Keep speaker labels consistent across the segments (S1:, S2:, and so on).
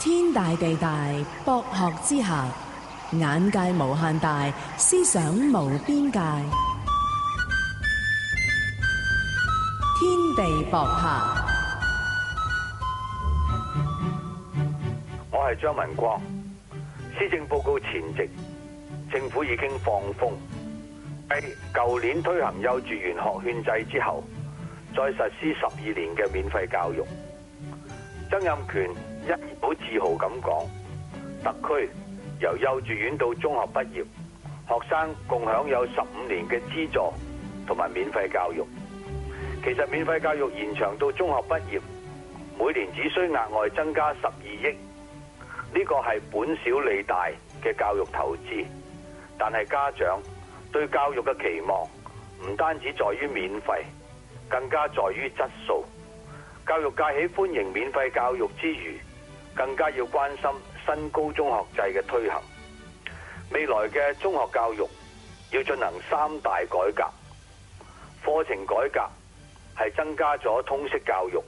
S1: 天大地大，博學之下，眼界無限大，思想無邊界。天地博客，我係張文光。施政報告前夕，政府已經放風，係舊年推行幼稚園學券制之後，再實施十二年嘅免費教育。曾蔭權一而保自豪咁講，特區由幼稚園到中學畢業，學生共享有十五年嘅資助同埋免費教育。其實免費教育延長到中學畢業，每年只需額外增加十二億，呢個係本小利大嘅教育投資。但係家長對教育嘅期望唔單止在於免費，更加在於質素。教育界喺歡迎免費教育之餘，更加要關心新高中學制嘅推行。未來嘅中學教育要進行三大改革：課程改革係增加咗通識教育，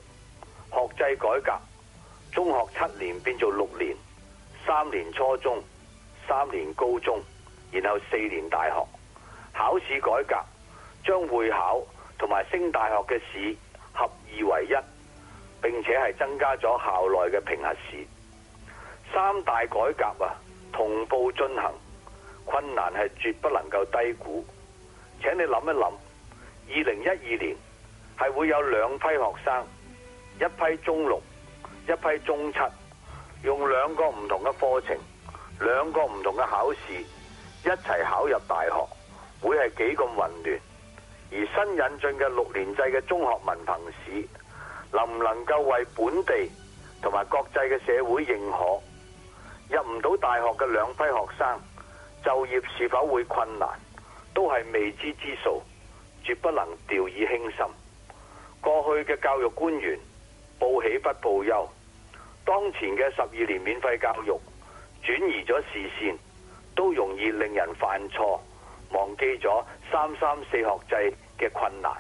S1: 學制改革中學七年變做六年，三年初中，三年高中，然後四年大學。考試改革將會考同埋升大學嘅試合二為一。並且係增加咗校內嘅評核試，三大改革啊，同步進行，困難係絕不能夠低估。請你諗一諗，二零一二年係會有兩批學生，一批中六，一批中七，用兩個唔同嘅課程，兩個唔同嘅考試，一齊考入大學，會係幾咁混亂？而新引進嘅六年制嘅中學文憑試。能唔能夠為本地同埋國際嘅社會認可，入唔到大學嘅兩批學生，就業是否會困難，都係未知之數，絕不能掉以輕心。過去嘅教育官員報喜不報憂，當前嘅十二年免費教育轉移咗視線，都容易令人犯錯，忘記咗三三四學制嘅困難。